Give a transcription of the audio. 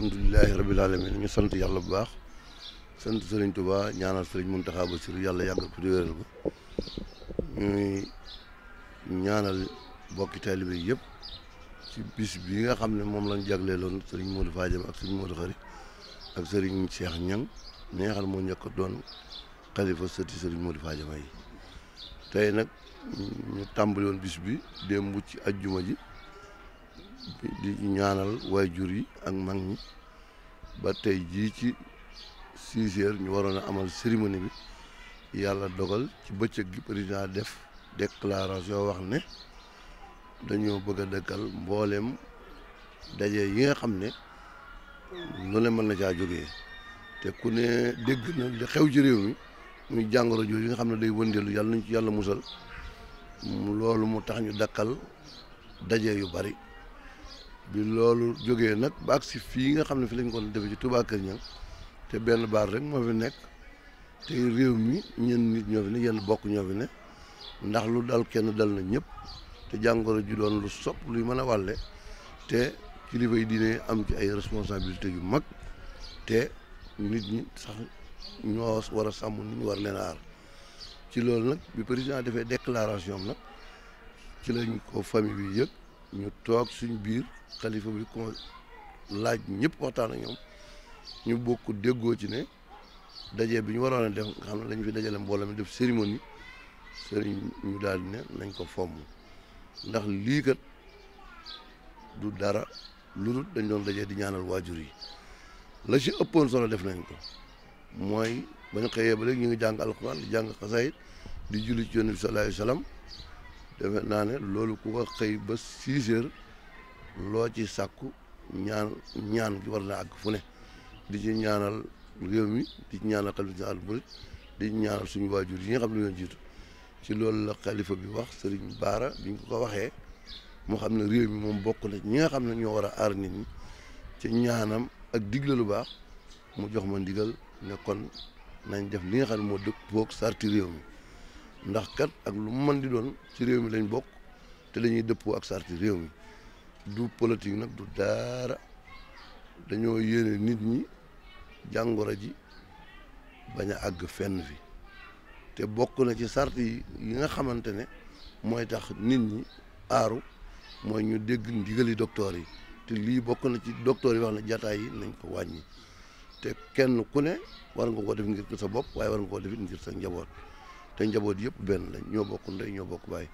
alhamdulilahi rabil alamin ñu sant yàlla bu baax sant sëriñ Touba ñaanal sëriñ Mountakha Bassirou yàlla yàggal ko di wéral ko ñuy ñaanal bokki taalibe yëpp ci bis bi nga xam ne moom lañ jagleeloon sëriñ Modou Fadiam ak sëriñ Modou ak sëriñ seex Niang mi nga moo njëkk doon xalifa sëti sëriñ Modou Fadiam ay tey nag ñu tàmbali woon bis bi démb ci ajjuma ji di ñaanal jur yi ak mag ñi ba tey jii ci six ñu waroon a amal cérémonie bi yàlla dogal ci bëccëg gi président def déclaration wax ne dañoo bëgg a dëkkal mbooleem daje yi nga xam ne lu ne mën na caa jóge te ku ne dégg na li xew ci réew mi muy jàngoro yi nga xam ne day wëndeelu yàlla nañ ci yàlla musal loolu mu tax ñu dakkal daje yu bari bi loolu jógee nag ba agsi fii nga xam ne fi lañ kon defee ci Touba Kër te benn baar rek moo fi nekk te réew mi ñenn nit ñoo fi ne yenn bokk ñoo fi ne ndax lu dal kenn dal na ñëpp te jàngoro ji doon lu sopp luy mën a wàlle te kilifa yi diine am ci ay responsabilité yu mag te nit ñi sax ñoo war a sàmm nit ñu war leen aar ci loolu nag bi président defee déclaration nag ci lañ ko famille bi yëg ñu toog suñu biir xalifa bi ko laaj ñëpp waxtaan ak ñoom ñu bokk déggoo ci ne daje bi ñu waroon a def nga xam ne dañu fi dajale mbooloo mi def cérémonie sëriñ ñu daal ne nañ ko fomm ndax liikat du dara lu dul dañ doon daje di ñaanal waajur yi la ci ëppoon solo def nañ ko mooy bañ xëyee ba léegi ñu ngi jàng alxuraan di jàng xasaayit di julli ci yonent bi sallallahu defe naa ne loolu ku ko xëy ba six heures loo ci sàkku ñaan ñaan war na àgg fu ne di ci ñaanal réew mi di ci ñaanal xalifa di ñaanal suñu waajur yi nga xam ne ñoo jiitu ci loolu la xalifa bi wax sëriñ Baara bi ñu ko ko waxee moo xam ne réew mi moom bokk na ñi nga xam ne ñoo war a aar nit ñi ci ñaanam ak digle lu baax mu jox ma ndigal ne kon nañ def li nga xam ne moo dëkk boog sarti réew mi ndax kat ak lu mu mën di doon ci réew mi lañ bokk te dañuy dëppoo ak sarti réew mi du politique nag du daara dañoo yéene nit ñi jàngoro ji bañ a àgg fenn fi te bokk na ci sart yi yi nga xamante ne mooy tax nit ñi aaru mooy ñu dégg ndigali doktoor yi te lii bokk na ci docteur yi wax na jataay yi nañ ko wàññi te kenn ku ne war nga koo def ngir sa bopp waaye war nga koo def njir sa njaboot te njaboot yëpp benn lañ ñoo bokk day ñoo bokk baay